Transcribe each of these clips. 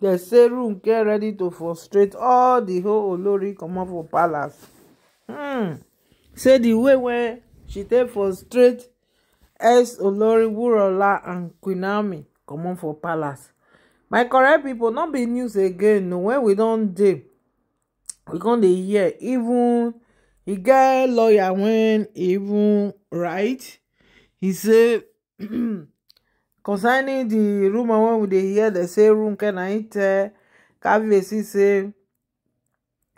dem say room get ready to frustrate all di whole olori comot for palace hmm say di way wey she take frustrate ex olori wurola and queen comot for palace my correct pipo no be news again no wen we don dey we con dey hear even e get lawyer wen even write He say concerning the rumor when we dey hear dey say runke na im tell kabiyesi say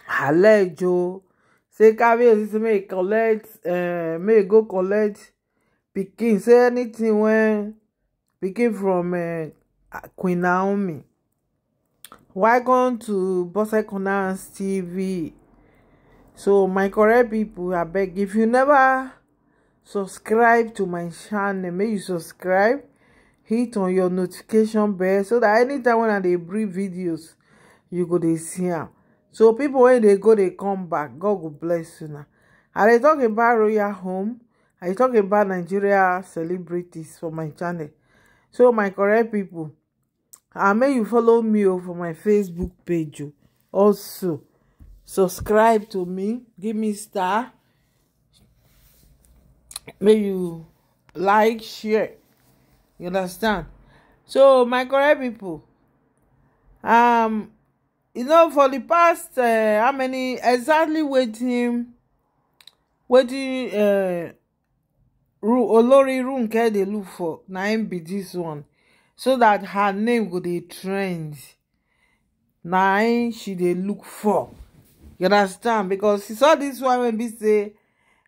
alejo say kabiyesi say make e collect uh, eh, make e go collect pikin say anything wey pikin from uh, Queen Naomi welcome to Bose Corners TV so my correct people abeg if you never subscribe to my channel make you subscribe hit on your notification bell so that anytime when i dey bring videos you go dey see them. so people when they go they come back god will bless una i dey talking about royal home i dey talking about nigeria celebrities for my channel so my correct people, I may you follow me o oh for my facebook page o oh. also subscribe to me give me star May you like share you understand so my correct people. um you know for the past uh, how many exactly wetin wetin uh, olori runke they look for na im be this one so that her name go dey trend na im she they look for you understand because she saw this one wey be say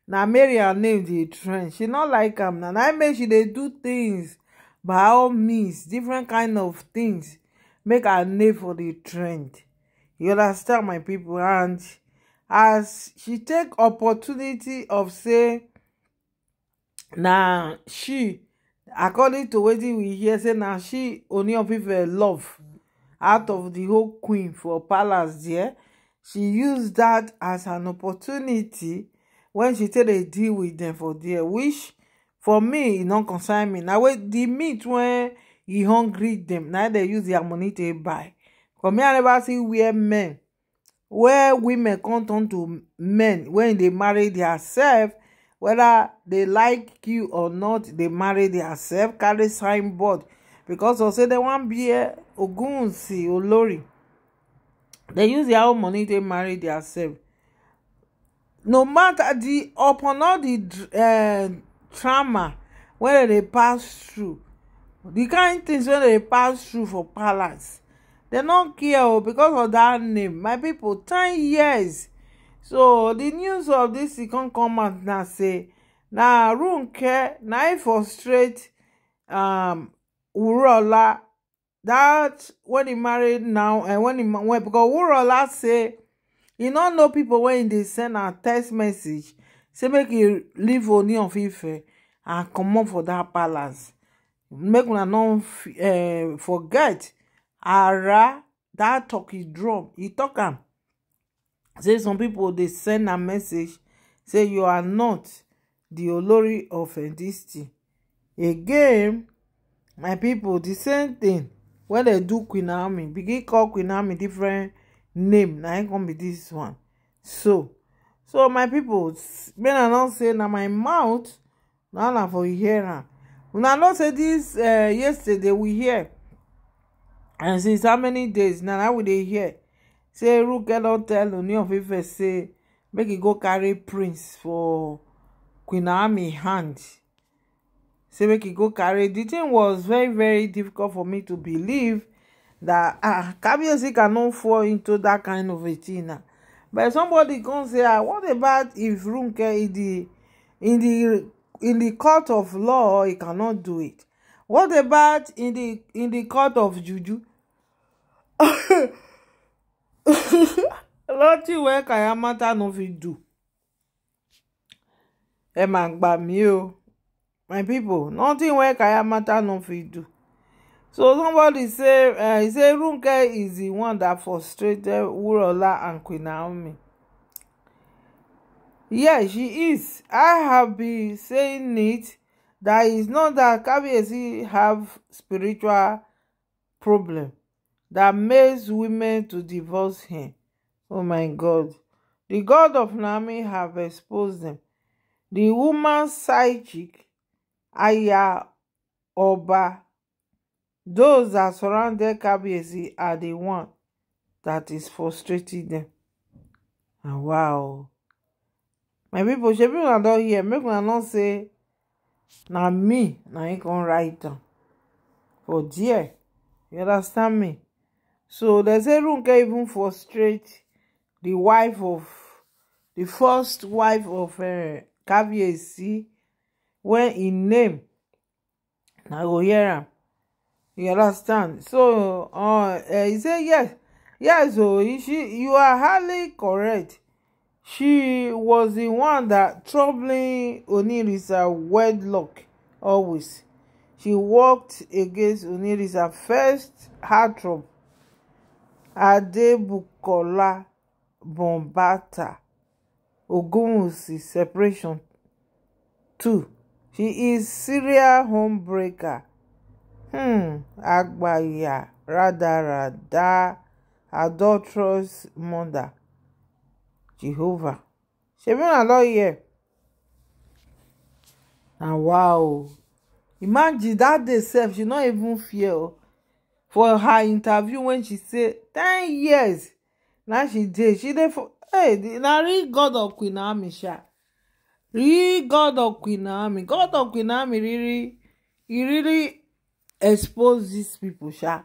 now mary her name the trend she not like him. Now I make she they do things by all means different kind of things make her name for the trend you understand my people, and as she take opportunity of say na she according to wetin we hear say na she only people love out of the whole queen for palace there she use that as an opportunity when she take dey deal with dem for there which for me e don't concern me Now, na the meat when he hungry them, now they use their money to buy for me i never see where men where women come turn to men when they marry diasef whether they like you or not they marry diasef carry signboard because of say dem wan be eh, ogunsi olori They use their own money to marry diasef no matter the upon all di trauma wey dem dey pass through the kind things wey dem dey pass through for palace dem no care o oh, becos of that name my people ten years so the news of this, e come come out na say na runke na e frustrate um wurola That when he marry now and wen e because wurola say e no know people wey e dey send her text message say make e leave oni of ife and comot for dat palace make una no eh, forget ara that tok drum e tok am say some people they send a message say you are not the olori of dis thing again my people, the same thing. When they do queen army begin call queen army different name na im come be this one so so my people, men i not say na my mouth na na for hear am una know say dis eh, yesterday we hear and since how many days na now we dey hear say ruke don't tell oni of ife say make e go carry prince for queen naomi hand say make e go carry The thing was very very difficult for me to believe that ah kabiyesi cannot fall into that kind of a thing na but somebody come say ah what about if Ronke in the in the in the court of law he cannot do it what about in the in the court of juju lọ́tí ìwé kàyámátà no fit do ẹ mà gbà mí o my people nothing wey kayamata no fit do so somebody say uh, he say Runke is the one that frustrated Wurola and Queen Naomi yeah, she is I have been saying it that is not that Kabiyesi have spiritual problem that makes women to divorce him oh my God the God of Naomi have exposed them the woman psychic, Aya Oba Those that surrounded Kabiyesi are the one that is frustrating them. And wow. My people, shebi una don here. make una know say na me na im can write down. For dear. you understand me? So they say can even frustrate the wife of the first wife of uh, Kabiyesi when im name na go hear you understand so uh, uh, he say yes yes o oh, she you are highly correct she was the one that troubling Onirisa wedlock always she worked against Onirisa first heartthrob Adebukola Bombata Ogunwusi separation two she is serial homebreaker um hmm, àgbáyà rádaràda adulterous mother jehovah shebi una don hear na wow imagine that day sef she no even fear o for her interview when she say ten years na she dey she dey for hey na real god of queen naomi sha real god of queen naomi god of queen naomi really e really expose these people, sha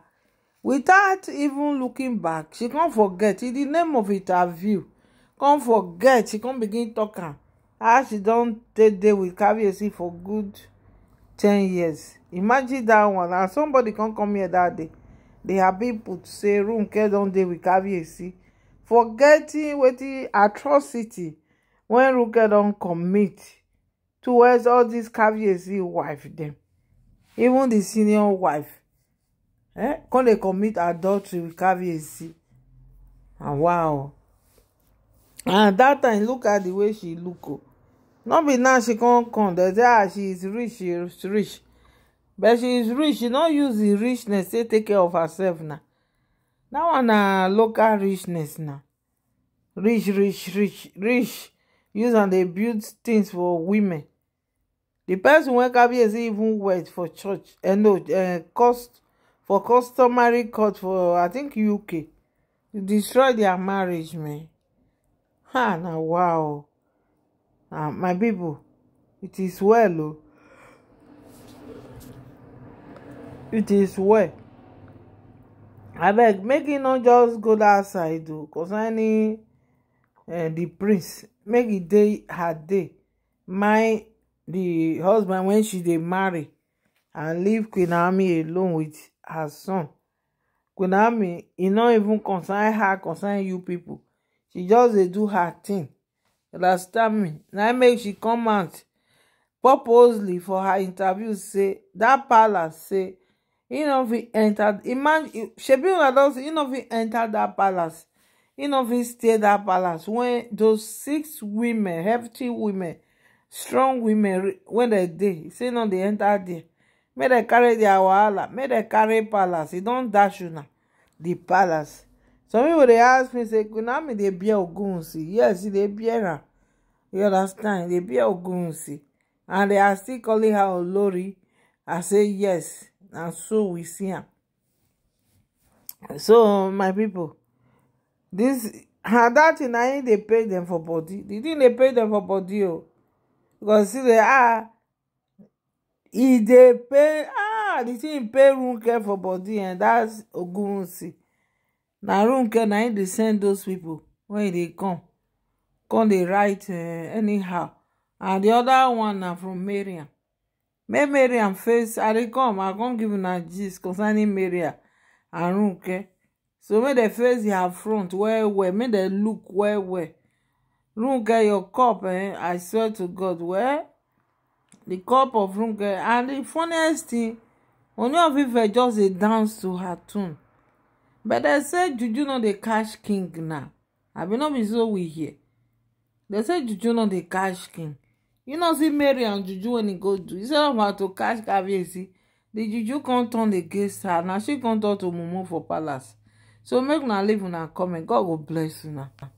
without even looking back she can't forget in the name of interview can't forget she can't begin talking. As she don't take dey with caviarcy for good 10 years imagine that one and somebody can't come here that day They have happy put say runke don't dey with caviarcy forgetting with the atrocity when runke don't commit towards all these caviarcy wife them even the senior wife eh come they commit adultery with caviarcy and ah, wow and that time look at the way she look o oh. no be now she come come They say ah she is rich she is rich but she is rich she no use the richness take take care of herself now. dat one na local richness now. rich rich rich rich use and they build things for women The person wey is even wet for church uh, no uh, cost for customary court for i think uk destroy their marriage man ha na wow ah my people, it is well o oh. it is well abeg make e no just go dat side o oh, concerning eh, the prince make e dey her day my the husband when she they marry and leave queen naomi alone with her son queen naomi he not even concern her concern you people. she just they do her tin understand me now make she come out purposely for her interview say that palace say e no fit enta e, shebi una don say e no fit enta that palace e no fit stay that palace when those six women hefty women strong women when they dey say no dey enta there make dem carry their wahala make dem carry palace e don dash una the palace some people dey ask me say kunami dey bear ogunsi yes e dey bear am you understand e dey bear ogunsi and they are still calling her olori i say yes and so we see am so my people, this and that tin na im dey pay dem for body di tin dey pay dem for body o oh. consider ah e dey pain ah the thing pain runke for body and that's ogunsi na runke na im dey send those pipo wen e dey come come dey write eh, anyhow and di oda one na from mariam make mariam face i dey come i come give una gist concerning mariam and runke so make dem face dia front well well make dem look well well runge your cup eh i swear to god where the cup of runge and the funniest thing Ooni of Ife just a dance to her tune but dem say juju not the cash king now I abi not be so we here. They say juju not the cash king you know see Mary and juju when he go do instead of her to catch Kabiyesi the juju come turn against her Now she come turn to mumu for palace so make una leave una comment god will bless you una.